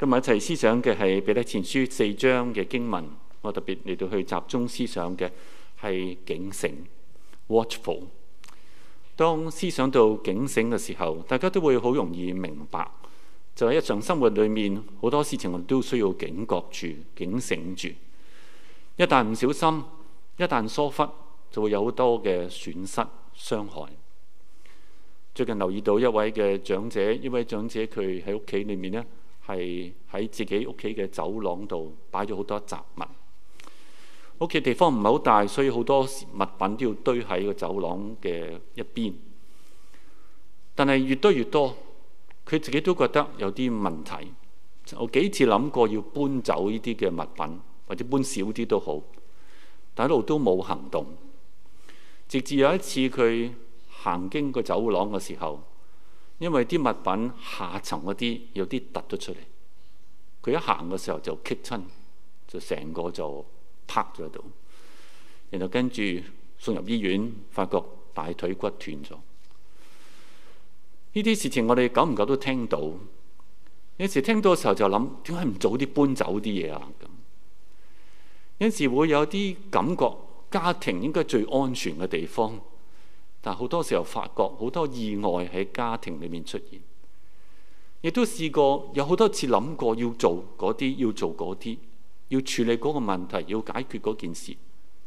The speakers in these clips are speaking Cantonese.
今日一齊思想嘅係彼得前書四章嘅經文，我特別嚟到去集中思想嘅係警醒 （watchful）。當思想到警醒嘅時候，大家都會好容易明白，就喺日常生活裏面好多事情，我都需要警覺住、警醒住。一旦唔小心，一旦疏忽，就會有好多嘅損失、傷害。最近留意到一位嘅長者，一位長者佢喺屋企裏面呢。係喺自己屋企嘅走廊度擺咗好多雜物，屋企地方唔係好大，所以好多物品都要堆喺個走廊嘅一邊。但係越堆越多，佢自己都覺得有啲問題，我幾次諗過要搬走呢啲嘅物品，或者搬少啲都好，但一路都冇行動。直至有一次佢行經個走廊嘅時候。因為啲物品下層嗰啲有啲凸咗出嚟，佢一行嘅時候就棘親，就成個就趴咗喺度，然後跟住送入醫院，發覺大腿骨斷咗。呢啲事情我哋久唔久都聽到，有時聽到嘅時候就諗點解唔早啲搬走啲嘢啊？咁有時會有啲感覺，家庭應該最安全嘅地方。但好多時候發覺好多意外喺家庭裏面出現，亦都試過有好多次諗過要做嗰啲要做嗰啲，要處理嗰個問題，要解決嗰件事，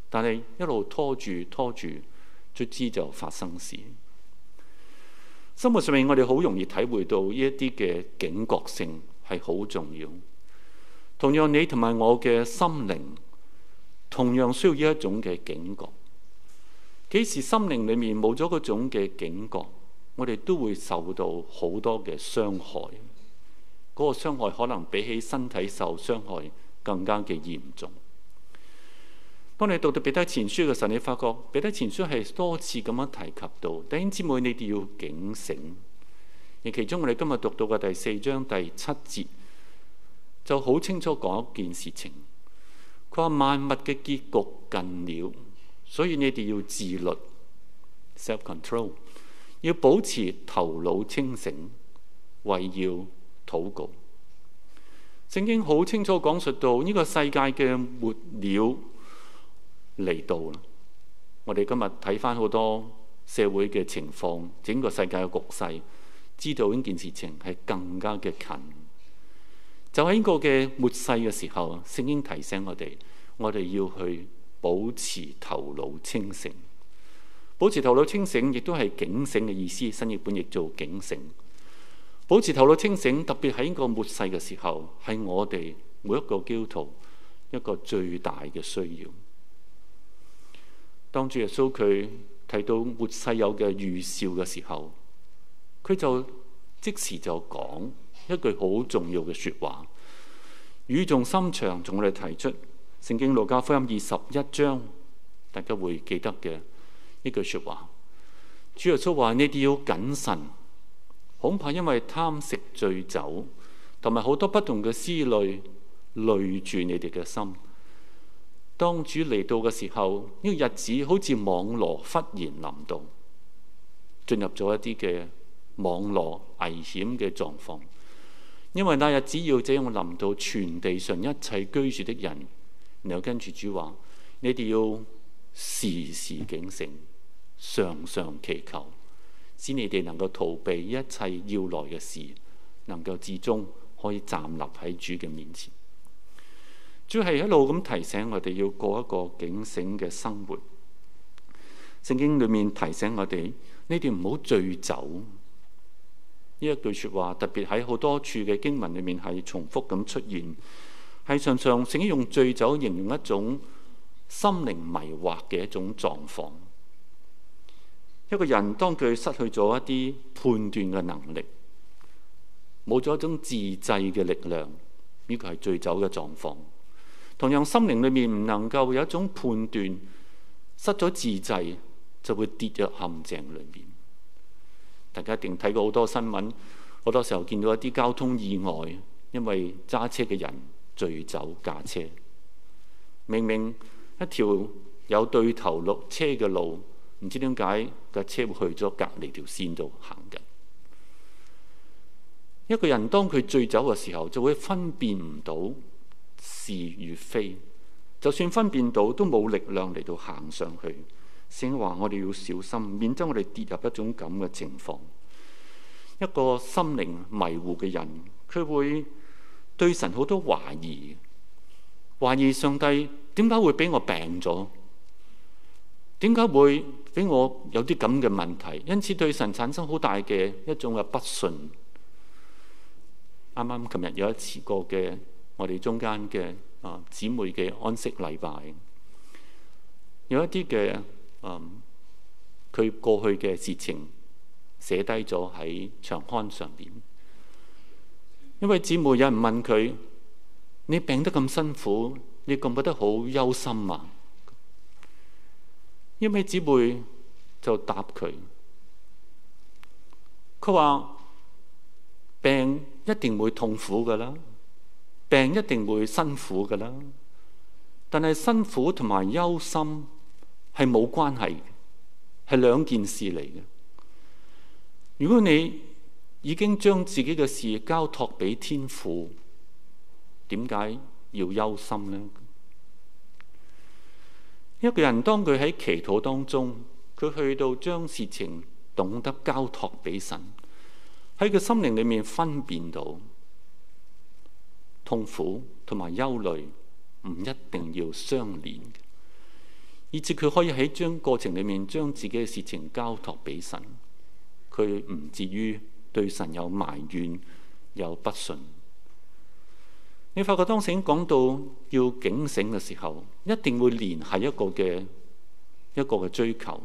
但係一路拖住拖住，卒之就發生事。生活上面我哋好容易體會到呢一啲嘅警覺性係好重要。同樣你同埋我嘅心靈，同樣需要呢一種嘅警覺。幾時心靈裡面冇咗嗰種嘅警覺，我哋都會受到好多嘅傷害。嗰個傷害可能比起身體受傷害更加嘅嚴重。當你讀到彼得前書嘅時候，你發覺彼得前書係多次咁樣提及到弟兄姊妹，你哋要警醒。而其中我哋今日讀到嘅第四章第七節，就好清楚講一件事情。佢話萬物嘅結局近了。所以你哋要自律，self control，要保持頭腦清醒，為要禱告。聖經好清楚講述到呢個世界嘅末了嚟到啦。我哋今日睇返好多社會嘅情況，整個世界嘅局勢，知道呢件事情係更加嘅近。就喺呢個嘅末世嘅時候，聖經提醒我哋，我哋要去。保持頭腦清醒，保持頭腦清醒亦都係警醒嘅意思。新譯本亦做警醒。保持頭腦清醒，特別喺呢個末世嘅時候，係我哋每一個基督徒一個最大嘅需要。當主耶穌佢提到末世有嘅預兆嘅時候，佢就即時就講一句好重要嘅說話，語重心長，同我哋提出。聖經路加福音二十一章，大家會記得嘅呢句説話。主耶穌話，呢啲要謹慎，恐怕因為貪食醉酒，同埋好多不同嘅思慮累住你哋嘅心。當主嚟到嘅時候，呢個日子好似網羅忽然臨到，進入咗一啲嘅網絡危險嘅狀況。因為那日子要這樣臨到全地上一切居住的人。然後跟住主話，你哋要時時警醒，常常祈求，使你哋能夠逃避一切要來嘅事，能夠至終可以站立喺主嘅面前。主係一路咁提醒我哋要過一個警醒嘅生活。聖經裏面提醒我哋，你哋唔好醉酒。呢一句說話特別喺好多處嘅經文裏面係重複咁出現。係常常使用醉酒形容一種心靈迷惑嘅一種狀況。一個人當佢失去咗一啲判斷嘅能力，冇咗一種自制嘅力量，呢個係醉酒嘅狀況。同樣，心靈裏面唔能夠有一種判斷，失咗自制就會跌入陷阱裏面。大家一定睇過好多新聞，好多時候見到一啲交通意外，因為揸車嘅人。醉酒駕車，明明一條有對頭落車嘅路，唔知點解架車會去咗隔離條線度行緊。一個人當佢醉酒嘅時候，就會分辨唔到是與非，就算分辨到，都冇力量嚟到行上去。先話我哋要小心，免得我哋跌入一種咁嘅情況。一個心靈迷糊嘅人，佢會對神好多懷疑，懷疑上帝點解會俾我病咗？點解會俾我有啲咁嘅問題？因此對神產生好大嘅一種嘅不信。啱啱琴日有一次過嘅，我哋中間嘅啊姊妹嘅安息禮拜，有一啲嘅啊，佢、呃、過去嘅事情寫低咗喺長刊上面。一位姐妹有人問佢：你病得咁辛苦，你覺唔覺得好憂心啊？一位姐妹就答佢：佢話病一定會痛苦㗎啦，病一定會辛苦㗎啦。但係辛苦同埋憂心係冇關係的，係兩件事嚟嘅。如果你已經將自己嘅事交託俾天父，點解要憂心呢？一個人當佢喺祈禱當中，佢去到將事情懂得交託俾神，喺佢心靈裡面分辨到痛苦同埋憂慮唔一定要相連，以至佢可以喺將過程裡面將自己嘅事情交託俾神，佢唔至於對神有埋怨，有不順。你發覺當時講到要警醒嘅時候，一定會聯繫一個嘅一個嘅追求。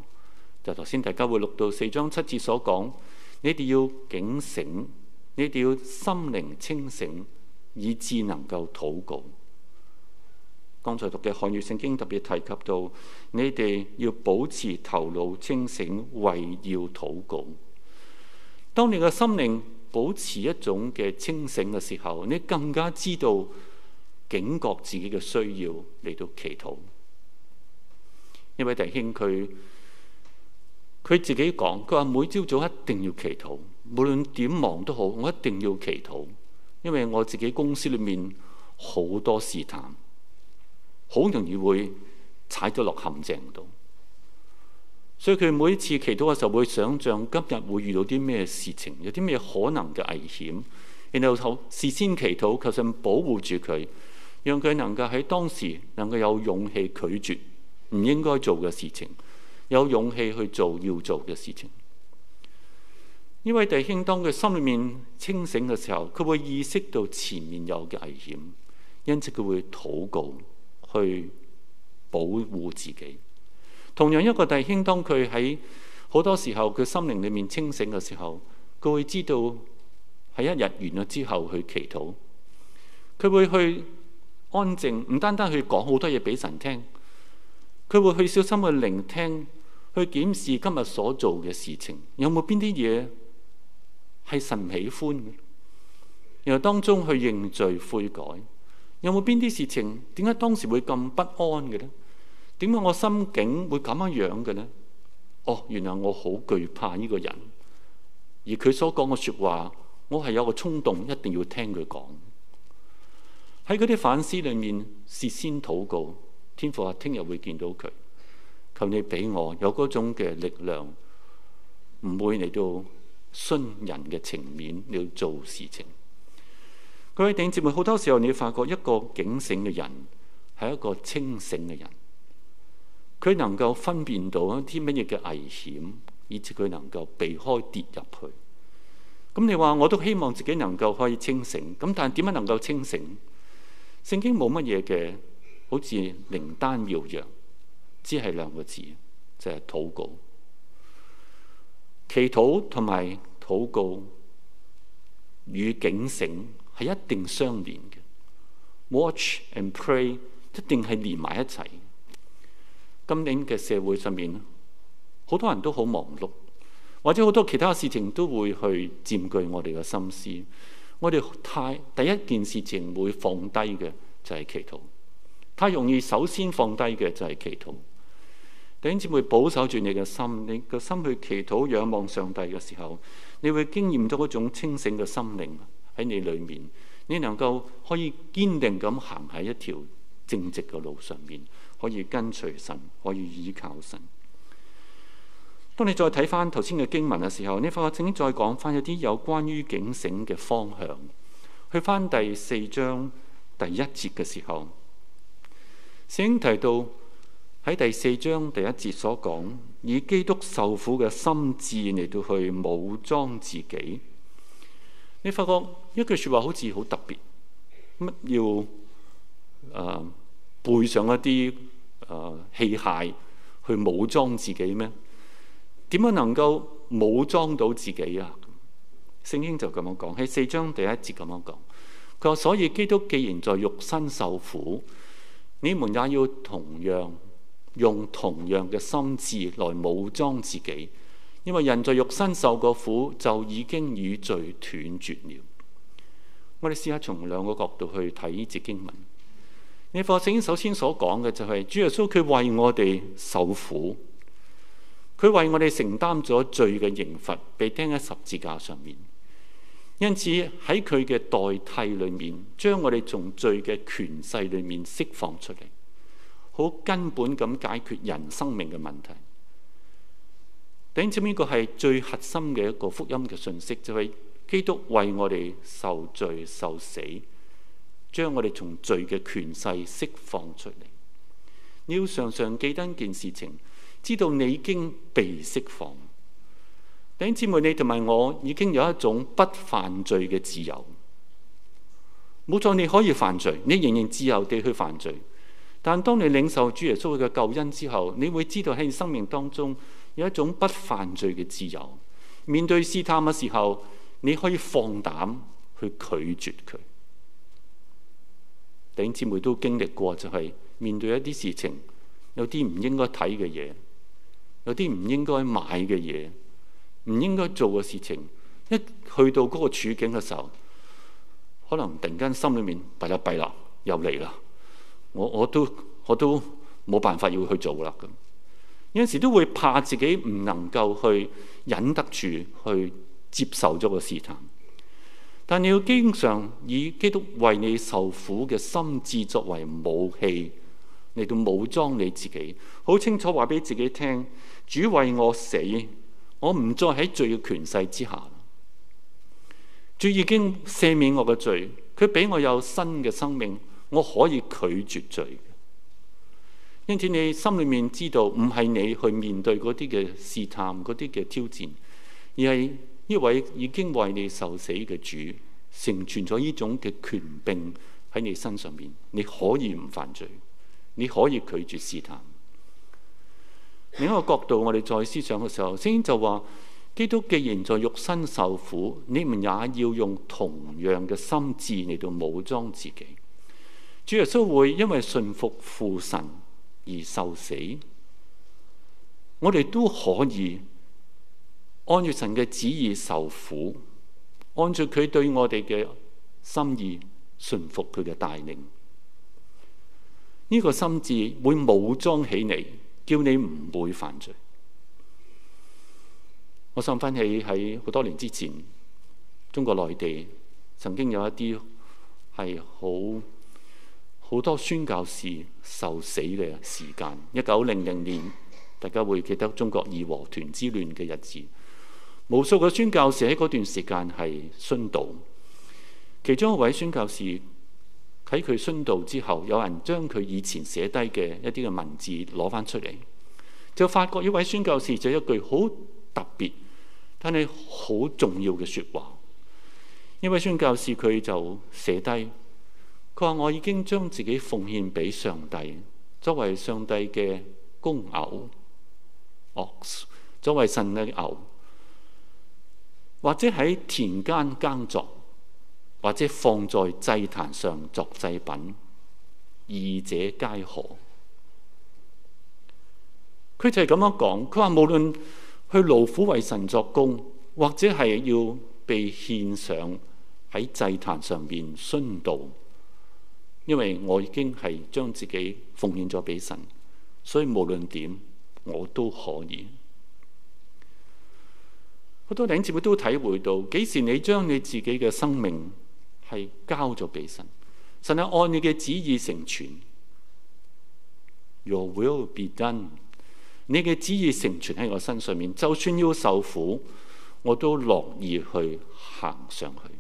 就頭先大家會讀到四章七節所講，你哋要警醒，你哋要心靈清醒，以至能夠禱告。剛才讀嘅漢語聖經特別提及到，你哋要保持頭腦清醒，為要禱告。當你嘅心靈保持一種嘅清醒嘅時候，你更加知道警覺自己嘅需要嚟到祈禱。一位弟兄佢佢自己講，佢話每朝早一定要祈禱，無論點忙都好，我一定要祈禱，因為我自己公司裏面好多試探，好容易會踩咗落陷阱度。所以佢每次祈禱嘅時候，會想象今日會遇到啲咩事情，有啲咩可能嘅危險，然後後事先祈禱，求神保護住佢，讓佢能夠喺當時能夠有勇氣拒絕唔應該做嘅事情，有勇氣去做要做嘅事情。呢位弟兄當佢心裏面清醒嘅時候，佢會意識到前面有嘅危險，因此佢會禱告去保護自己。同樣一個弟兄，當佢喺好多時候，佢心靈裏面清醒嘅時候，佢會知道喺一日完咗之後去祈禱，佢會去安靜，唔單單去講好多嘢俾神聽，佢會去小心去聆聽，去檢視今日所做嘅事情，有冇邊啲嘢係神喜歡嘅？然後當中去認罪悔改，有冇邊啲事情點解當時會咁不安嘅呢？點解我心境會咁樣樣嘅呢？哦，原來我好懼怕呢個人，而佢所講嘅説話，我係有個衝動，一定要聽佢講。喺嗰啲反思裏面，事先禱告，天父啊，聽日會見到佢。求你俾我有嗰種嘅力量，唔會嚟到徇人嘅情面，你要做事情。佢喺電節目好多時候，你發覺一個警醒嘅人係一個清醒嘅人。佢能夠分辨到一啲乜嘢嘅危險，以至佢能夠避開跌入去。咁你話我都希望自己能夠可以清醒。咁但係點樣能夠清醒？聖經冇乜嘢嘅，好似靈丹妙藥，只係兩個字，即係禱告、祈禱同埋禱告與警醒係一定相連嘅。Watch and pray 一定係連埋一齊。今年嘅社會上面，好多人都好忙碌，或者好多其他事情都會去佔據我哋嘅心思。我哋太第一件事情會放低嘅就係祈禱，太容易首先放低嘅就係祈禱。等至會保守住你嘅心？你個心去祈禱、仰望上帝嘅時候，你會經驗到嗰種清醒嘅心靈喺你裏面。你能夠可以堅定咁行喺一條正直嘅路上面。可以跟隨神，可以依靠神。當你再睇翻頭先嘅經文嘅時候，你發覺聖經再講翻一啲有關於警醒嘅方向。去翻第四章第一節嘅時候，聖經提到喺第四章第一節所講，以基督受苦嘅心志嚟到去武裝自己。你發覺一句說話好似好特別，乜要、呃背上一啲誒、呃、器械去武裝自己咩？點樣能夠武裝到自己啊？聖經就咁樣講喺四章第一節咁樣講，佢話：所以基督既然在肉身受苦，你們也要同樣用同樣嘅心志來武裝自己，因為人在肉身受過苦，就已經與罪斷絕了。我哋試下從兩個角度去睇呢節經文。你佛聖首先所講嘅就係主耶穌佢為我哋受苦，佢為我哋承擔咗罪嘅刑罰，被釘喺十字架上面。因此喺佢嘅代替裏面，將我哋從罪嘅權勢裏面釋放出嚟，好根本咁解決人生命嘅問題。等於呢個係最核心嘅一個福音嘅信息，就係、是、基督為我哋受罪受死。將我哋從罪嘅權勢釋放出嚟。你要常常記得一件事情，知道你已經被釋放。弟兄姐妹，你同埋我已經有一種不犯罪嘅自由。冇錯，你可以犯罪，你仍然自由地去犯罪。但係當你領受主耶穌嘅救恩之後，你會知道喺你生命當中有一種不犯罪嘅自由。面對試探嘅時候，你可以放膽去拒絕佢。弟兄姊妹都經歷過，就係面對一啲事情，有啲唔應該睇嘅嘢，有啲唔應該買嘅嘢，唔應該做嘅事情，一去到嗰個處境嘅時候，可能突然間心裏面弊啦，弊啦，又嚟啦，我我都我都冇辦法要去做啦咁，有時都會怕自己唔能夠去忍得住去接受咗個試探。但你要經常以基督為你受苦嘅心志作為武器嚟到武裝你自己，好清楚話俾自己聽：主為我死，我唔再喺罪嘅權勢之下。主已經赦免我嘅罪，佢俾我有新嘅生命，我可以拒絕罪。因此你心裏面知道，唔係你去面對嗰啲嘅試探，嗰啲嘅挑戰，而係，呢位已經為你受死嘅主，成全咗呢種嘅權柄喺你身上面，你可以唔犯罪，你可以拒絕試探。另一個角度，我哋再思想嘅時候，聖經就話：基督既然在肉身受苦，你們也要用同樣嘅心志嚟到武裝自己。主耶穌會因為信服父神而受死，我哋都可以。按住神嘅旨意受苦，按住佢對我哋嘅心意，順服佢嘅帶領。呢、這個心智會武裝起你，叫你唔會犯罪。我想翻起喺好多年之前，中國內地曾經有一啲係好好多宣教士受死嘅時間，一九零零年，大家會記得中國義和團之亂嘅日子。無數個宣教士喺嗰段時間係殉道，其中一位宣教士喺佢殉道之後，有人將佢以前寫低嘅一啲嘅文字攞翻出嚟，就發覺呢位宣教士就一句好特別，但係好重要嘅說話。呢位宣教士佢就寫低，佢話我已經將自己奉獻俾上帝，作為上帝嘅公牛，作為神嘅牛，或者喺田間耕作，或者放在祭壇上作祭品，二者皆可。佢就係咁樣講，佢話無論去勞苦為神作工，或者係要被獻上喺祭壇上面殉道，因為我已經係將自己奉獻咗俾神，所以無論點我都可以。好多領節目都體會到，幾時你將你自己嘅生命係交咗俾神，神係按你嘅旨意成全。Your will be done。你嘅旨意成全喺我身上面，就算要受苦，我都樂意去行上去。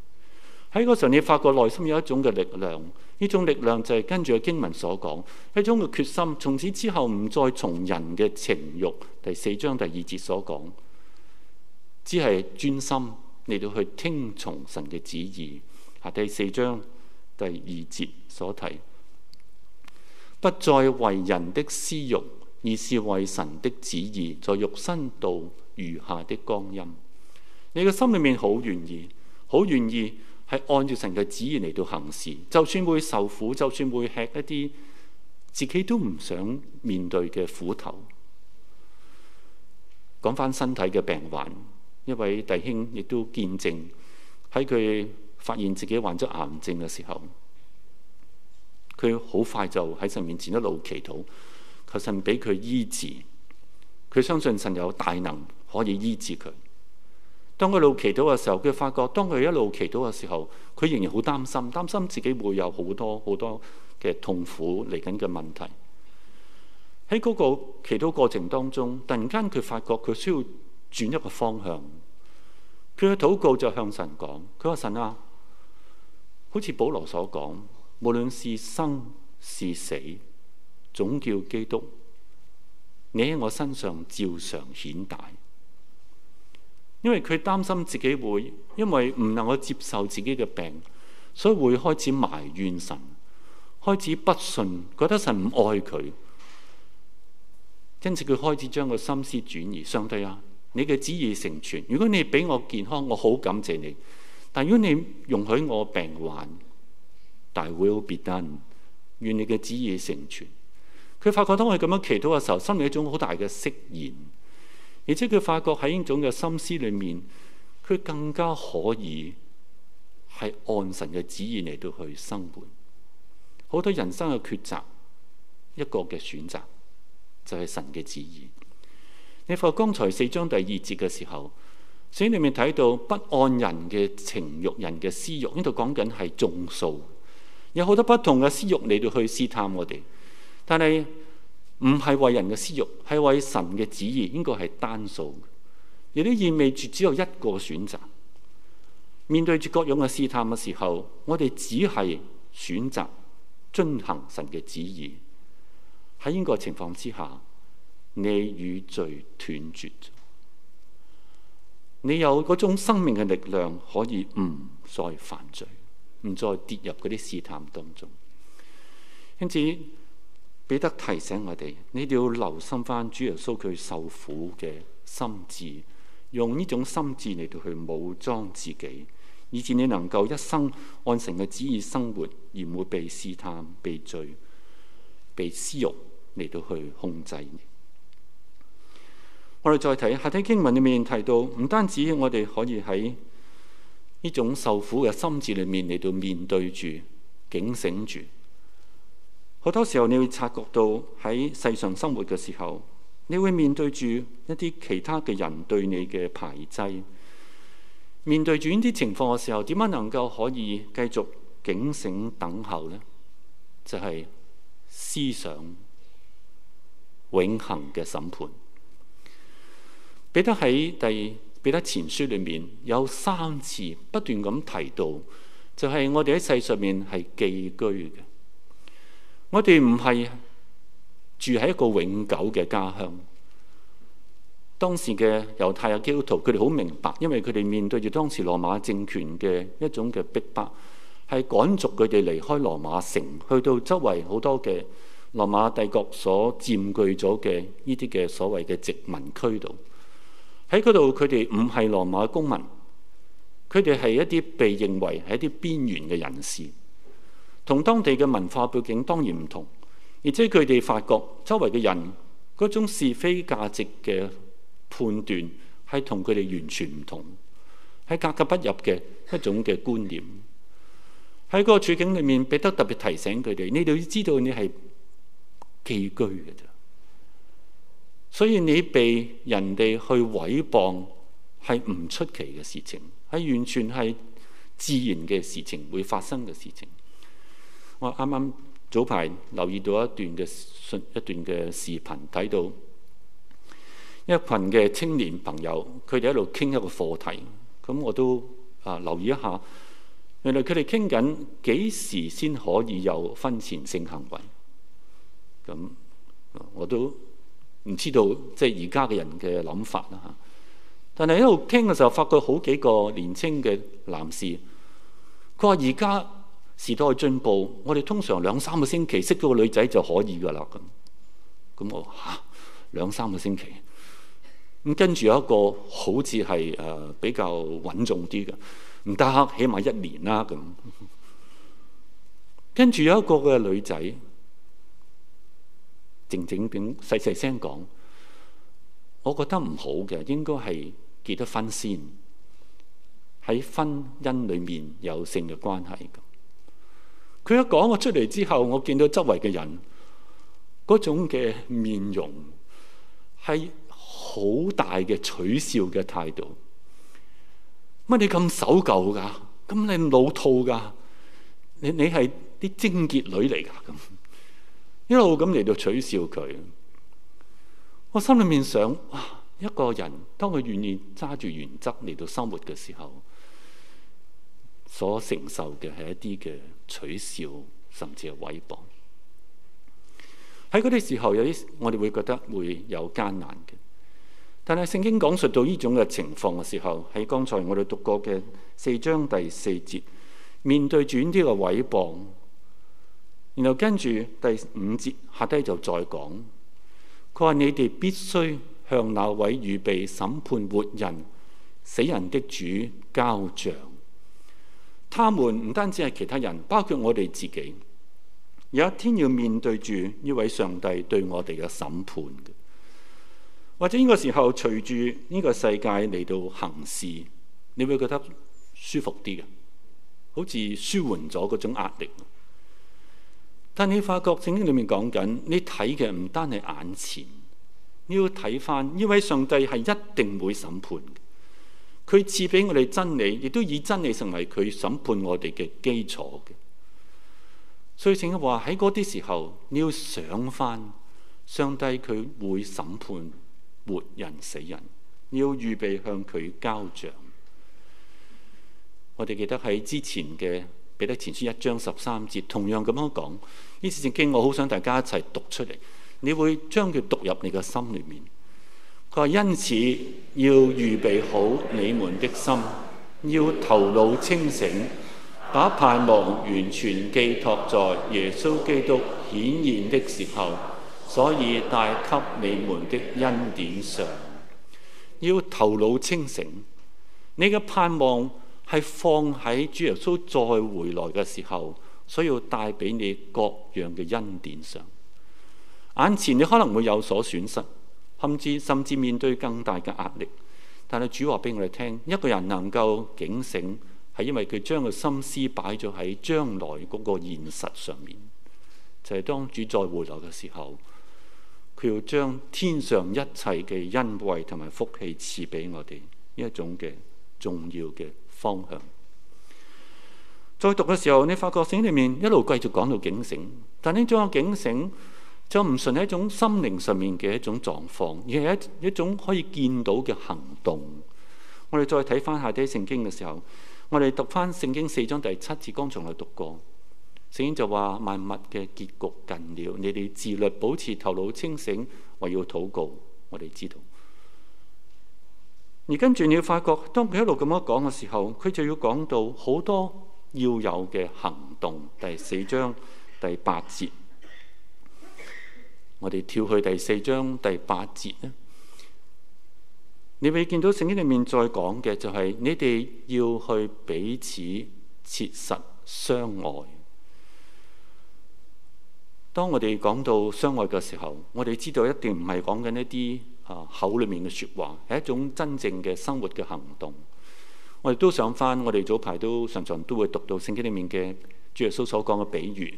喺嗰時候，你發覺內心有一種嘅力量，呢種力量就係跟住經文所講，一種嘅決心，從此之後唔再從人嘅情慾。第四章第二節所講。只係專心嚟到去聽從神嘅旨意。下第四章第二節所提，不再為人的私欲，而是為神的旨意，在肉身度餘下的光陰。你嘅心裏面好願意，好願意係按照神嘅旨意嚟到行事，就算會受苦，就算會吃一啲自己都唔想面對嘅苦頭。講返身體嘅病患。一位弟兄亦都見證，喺佢發現自己患咗癌症嘅時候，佢好快就喺神面前一路祈禱，求神俾佢醫治。佢相信神有大能可以醫治佢。當佢一路祈禱嘅時候，佢發覺當佢一路祈禱嘅時候，佢仍然好擔心，擔心自己會有好多好多嘅痛苦嚟緊嘅問題。喺嗰個祈禱過程當中，突然間佢發覺佢需要。轉一個方向，佢嘅禱告就向神講：佢話神啊，好似保羅所講，無論是生是死，總叫基督你喺我身上照常顯大。因為佢擔心自己會因為唔能夠接受自己嘅病，所以會開始埋怨神，開始不信，覺得神唔愛佢，因此佢開始將個心思轉移。相對啊！你嘅旨意成全。如果你俾我健康，我好感謝你。但如果你容許我病患，Thy will be done。願你嘅旨意成全。佢發覺當佢咁樣祈禱嘅時候，心裏一種好大嘅釋然，而且佢發覺喺呢種嘅心思裏面，佢更加可以係按神嘅旨意嚟到去生活。好多人生嘅抉擇，一個嘅選擇就係神嘅旨意。你放下，剛才四章第二節嘅時候，書裏面睇到不按人嘅情慾、人嘅私欲，呢度講緊係眾數，有好多不同嘅私，私，私欲，嚟到去試探我哋，但係唔係為人嘅私欲，係為神嘅旨意，應該係單數，亦都意味住只有一個選擇。面對住各樣嘅試探嘅時候，我哋只係選擇遵行神嘅旨意。喺呢個情況之下。你與罪斷絕咗，你有嗰種生命嘅力量，可以唔再犯罪，唔再跌入嗰啲試探當中。因此，彼得提醒我哋，你哋要留心返主耶穌佢受苦嘅心志，用呢種心志嚟到去武裝自己，以致你能夠一生按神嘅旨意生活，而唔會被試探、被罪、被私欲嚟到去控制。我哋再睇下啲經文裏面提到，唔單止我哋可以喺呢種受苦嘅心志裏面嚟到面對住警醒住。好多時候，你會察覺到喺世上生活嘅時候，你會面對住一啲其他嘅人對你嘅排擠，面對住呢啲情況嘅時候，點樣能夠可以繼續警醒等候呢？就係、是、思想永恆嘅審判。彼得喺第二，彼得前書裏面有三次不斷咁提到，就係、是、我哋喺世上面係寄居嘅。我哋唔係住喺一個永久嘅家鄉。當時嘅猶太嘅基督徒，佢哋好明白，因為佢哋面對住當時羅馬政權嘅一種嘅逼迫，迫，係趕逐佢哋離開羅馬城，去到周圍好多嘅羅馬帝國所佔據咗嘅呢啲嘅所謂嘅殖民區度。喺嗰度，佢哋唔係羅馬嘅公民，佢哋係一啲被認為係一啲邊緣嘅人士，同當地嘅文化背景當然唔同，而且佢哋發覺周圍嘅人嗰種是非價值嘅判斷係同佢哋完全唔同，係格格不入嘅一種嘅觀念。喺嗰個處境裡面，彼得特別提醒佢哋，你哋要知道你係寄居嘅。所以你被人哋去毀謗係唔出奇嘅事情，係完全係自然嘅事情會發生嘅事情。我啱啱早排留意到一段嘅信，一段嘅視頻，睇到一群嘅青年朋友，佢哋喺度傾一個課題，咁我都啊留意一下。原來佢哋傾緊幾時先可以有婚前性行為，咁我都。唔知道即係而家嘅人嘅諗法啦嚇，但係一路傾嘅時候，發覺好幾個年輕嘅男士，佢話而家時代進步，我哋通常兩三個星期識到個女仔就可以㗎啦咁。咁我嚇、啊、兩三個星期，咁跟住有一個好似係誒比較穩重啲嘅，唔得，起碼一年啦咁。跟住有一個嘅女仔。靜靜點細細聲講，我覺得唔好嘅，應該係結咗婚先。喺婚姻裡面有性嘅關係嘅。佢一講我出嚟之後，我見到周圍嘅人嗰種嘅面容係好大嘅取笑嘅態度。乜你咁守舊㗎？咁你老套㗎？你你係啲貞潔女嚟㗎？咁。 一路咁嚟到取笑佢，我心裏面想：哇，一個人當佢願意揸住原則嚟到生活嘅時候，所承受嘅係一啲嘅取笑，甚至係毀謗。喺嗰啲時候，有啲我哋會覺得會有艱難嘅。但係聖經講述到呢種嘅情況嘅時候，喺剛才我哋讀過嘅四章第四節，面對住呢個嘅毀謗。然後跟住第五節下低就再講，佢話你哋必須向那位預備審判活人、死人的主交賬。他們唔單止係其他人，包括我哋自己，有一天要面對住呢位上帝對我哋嘅審判嘅，或者呢個時候隨住呢個世界嚟到行事，你會覺得舒服啲嘅，好似舒緩咗嗰種壓力。但你發覺聖經裏面講緊，你睇嘅唔單係眼前，你要睇翻呢位上帝係一定會審判。佢賜俾我哋真理，亦都以真理成為佢審判我哋嘅基礎嘅。所以聖經話喺嗰啲時候，你要想翻上帝佢會審判活人死人，你要預備向佢交賬。我哋記得喺之前嘅彼得前書一章十三節，同樣咁樣講。呢次聖經我好想大家一齊讀出嚟，你會將佢讀入你嘅心裏面。佢話因此要預備好你們的心，要頭腦清醒，把盼望完全寄託在耶穌基督顯現的時候，所以帶給你們的恩典上。要頭腦清醒，你嘅盼望係放喺主耶穌再回來嘅時候。需要帶俾你各樣嘅恩典上，眼前你可能會有所損失，甚至甚至面對更大嘅壓力。但係主話俾我哋聽，一個人能夠警醒，係因為佢將個心思擺咗喺將來嗰個現實上面。就係當主再回來嘅時候，佢要將天上一切嘅恩惠同埋福氣賜俾我哋呢一種嘅重要嘅方向。再讀嘅時候，你發覺聖經裏面一路繼續講到警醒，但呢種嘅警醒就唔純係一種心靈上面嘅一種狀況，而係一一種可以見到嘅行動。我哋再睇翻下底聖經嘅時候，我哋讀翻聖經四章第七節，剛才我讀過，聖經就話萬物嘅結局近了，你哋自律保持頭腦清醒，惟要禱告。我哋知道，而跟住你發覺，當佢一路咁樣講嘅時候，佢就要講到好多。要有嘅行動，第四章第八節，我哋跳去第四章第八節啦。你會見到聖經裏面再講嘅就係你哋要去彼此切實相愛。當我哋講到相愛嘅時候，我哋知道一定唔係講緊一啲啊口裏面嘅説話，係一種真正嘅生活嘅行動。我哋都想翻，我哋早排都常常都會讀到聖經裏面嘅主耶穌所講嘅比喻，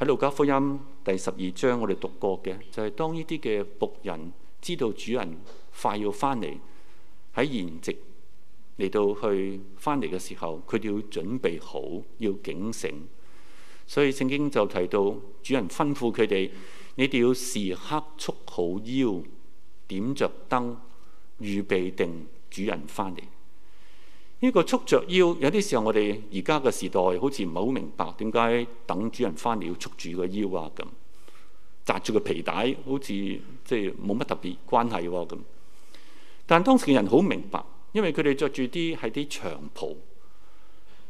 喺路加福音第十二章我哋讀過嘅，就係當呢啲嘅僕人知道主人快要翻嚟喺筵席嚟到去翻嚟嘅時候，佢哋要準備好，要警醒。所以聖經就提到主人吩咐佢哋：你哋要時刻束好腰，點着燈，預備定主人翻嚟。呢個束着腰，有啲時候我哋而家嘅時代好似唔係好明白點解等主人翻嚟要束住個腰啊，咁，紮住個皮帶，好似即係冇乜特別關係喎，咁。但當時嘅人好明白，因為佢哋着住啲係啲長袍。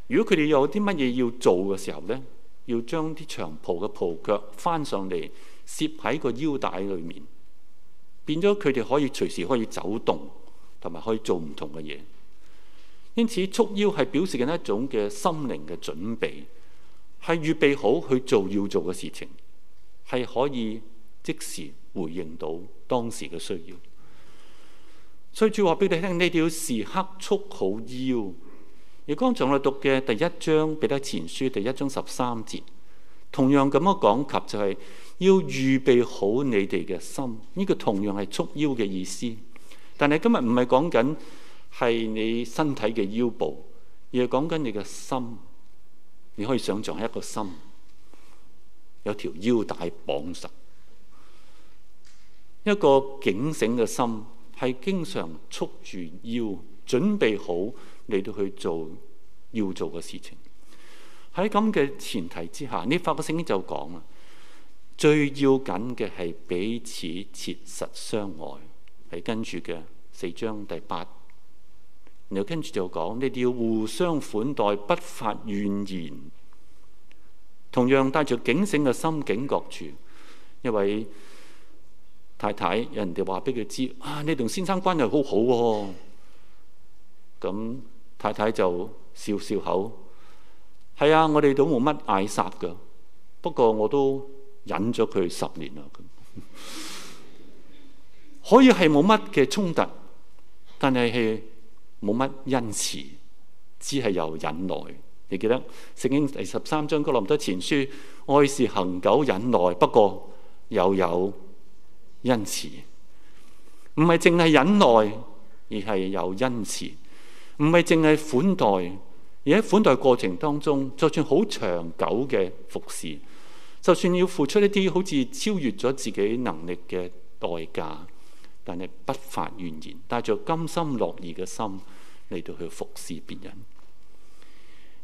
如果佢哋有啲乜嘢要做嘅時候咧，要將啲長袍嘅袍腳翻上嚟，攝喺個腰帶裏面，變咗佢哋可以隨時可以走動，同埋可以做唔同嘅嘢。因此，束腰係表示緊一種嘅心靈嘅準備，係預備好去做要做嘅事情，係可以即時回應到當時嘅需要。所以主話俾你聽，你哋要時刻束好腰。而剛才我讀嘅第一章彼得前書第一章十三節，同樣咁樣講及就係要預備好你哋嘅心，呢個同樣係束腰嘅意思。但係今日唔係講緊。係你身體嘅腰部，而係講緊你嘅心。你可以想像係一個心，有條腰帶綁實一個警醒嘅心，係經常束住腰，準備好你到去做要做嘅事情。喺咁嘅前提之下，你發個聖經就講啦。最要緊嘅係彼此切實相愛，係跟住嘅四章第八章。又跟住就講，你哋要互相款待，不發怨言。同樣帶著警醒嘅心境。覺住，一位太太有人哋話俾佢知：啊，你同先生關係好好、啊、喎。咁、嗯、太太就笑笑口：係啊，我哋都冇乜嗌殺㗎。不過我都忍咗佢十年啦。可以係冇乜嘅衝突，但係係。冇乜恩慈，只係有忍耐。你記得聖經第十三章嗰個哥林多前書，愛是恒久忍耐，不過又有，有恩慈。唔係淨係忍耐，而係有恩慈；唔係淨係款待，而喺款待過程當中，就算好長久嘅服侍，就算要付出一啲好似超越咗自己能力嘅代價，但係不發怨言，帶着甘心樂意嘅心。嚟到去服侍別人，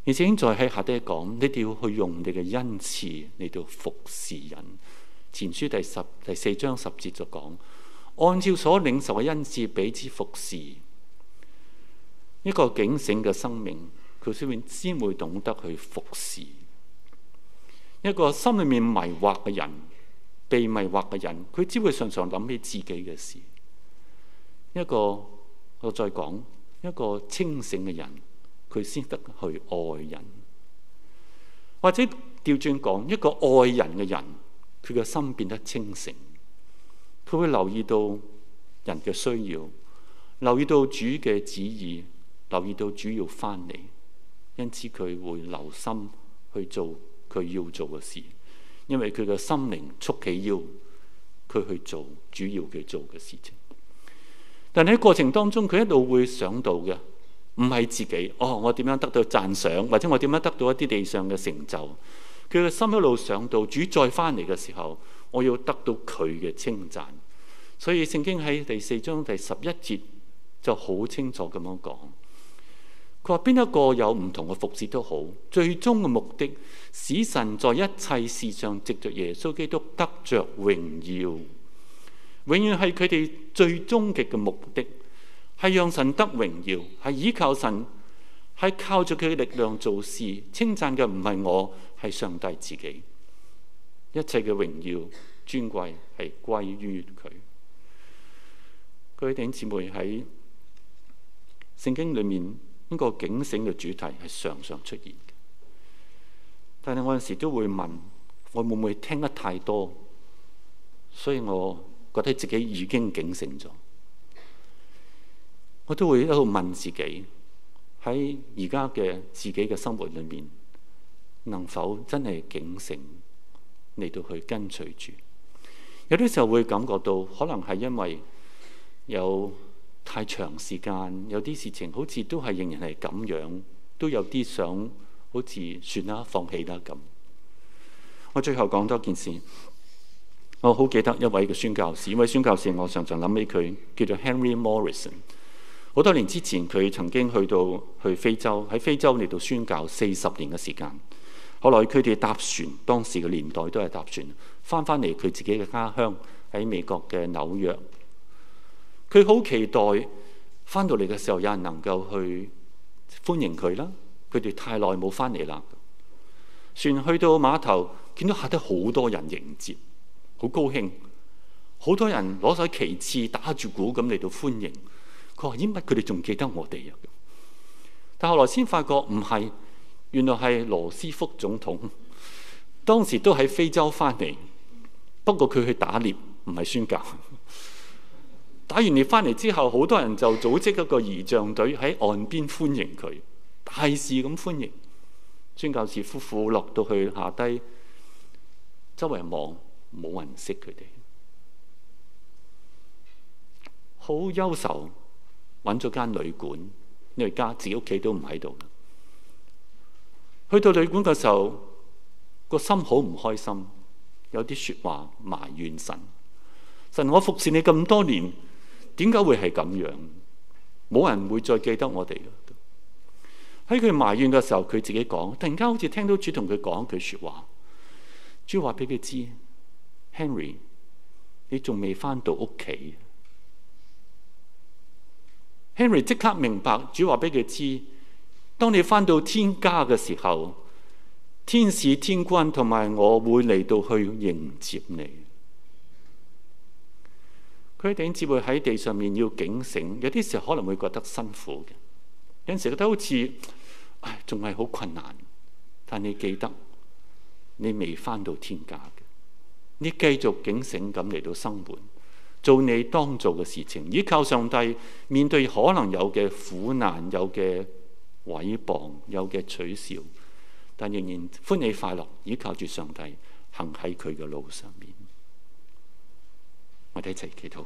而且再喺下底講，你哋要去用你嘅恩賜嚟到服侍人。前書第十第四章十節就講，按照所領受嘅恩賜俾之服侍一個警醒嘅生命，佢雖然先會懂得去服侍一個心裏面迷惑嘅人，被迷惑嘅人，佢只會常常諗起自己嘅事。一個我再講。一個清醒嘅人，佢先得去愛人；或者調轉講，一個愛人嘅人，佢嘅心變得清醒，佢會留意到人嘅需要，留意到主嘅旨意，留意到主要翻嚟，因此佢會留心去做佢要做嘅事，因為佢嘅心靈束起腰，佢去做主要佢做嘅事情。但喺過程當中，佢一路會想到嘅，唔係自己。哦，我點樣得到讚賞，或者我點樣得到一啲地上嘅成就？佢嘅心一路想到主再翻嚟嘅時候，我要得到佢嘅稱讚。所以聖經喺第四章第十一節就好清楚咁樣講，佢話，邊一個有唔同嘅服侍都好，最終嘅目的，使神在一切事上藉著耶穌基督得著榮耀。永遠係佢哋最終極嘅目的，係讓神得榮耀，係倚靠神，係靠住佢嘅力量做事。稱讚嘅唔係我，係上帝自己，一切嘅榮耀尊貴係歸於佢。各位弟兄姊妹，喺聖經裏面呢個警醒嘅主題係常常出現嘅，但係我有時都會問，我會唔會聽得太多？所以我。覺得自己已經警醒咗，我都會一度問自己：喺而家嘅自己嘅生活裏面，能否真係警醒嚟到去跟隨住？有啲時候會感覺到，可能係因為有太長時間，有啲事情好似都係仍然係咁樣，都有啲想好似算啦、放棄啦咁。我最後講多件事。我好記得一位嘅宣教士，呢位宣教士，我常常諗起佢叫做 Henry Morrison。好多年之前，佢曾經去到去非洲，喺非洲嚟到宣教四十年嘅時間。後來佢哋搭船，當時嘅年代都係搭船翻返嚟，佢自己嘅家鄉喺美國嘅紐約。佢好期待翻到嚟嘅時候，有人能夠去歡迎佢啦。佢哋太耐冇翻嚟啦。船去到碼頭，見到下低好多人迎接。好高興，好多人攞曬旗幟打住鼓咁嚟到歡迎。佢話：咦，乜佢哋仲記得我哋呀？但後來先發覺唔係，原來係羅斯福總統當時都喺非洲翻嚟。不過佢去打獵，唔係宣教。打完獵翻嚟之後，好多人就組織一個儀仗隊喺岸邊歡迎佢，大肆咁歡迎。宣教士夫婦落到去下低，周圍望。冇人識佢哋，好憂愁。搵咗間旅館，因為家自己屋企都唔喺度。去到旅館嘅時候，個心好唔開心，有啲說話埋怨神。神，我服侍你咁多年，點解會係咁樣？冇人會再記得我哋啦。喺佢埋怨嘅時候，佢自己講，突然間好似聽到主同佢講一句說話，主話俾佢知。Henry，你仲未翻到屋企？Henry 即刻明白，主話俾佢知：當你翻到天家嘅時候，天使、天君同埋我會嚟到去迎接你。佢一定只會喺地上面要警醒，有啲時候可能會覺得辛苦嘅，有陣時覺得好似，唉，仲係好困難。但你記得，你未翻到天家。你繼續警醒咁嚟到生活，做你當做嘅事情，依靠上帝。面對可能有嘅苦難、有嘅毀謗、有嘅取笑，但仍然歡喜快樂，依靠住上帝行喺佢嘅路上面。我哋一齊祈禱。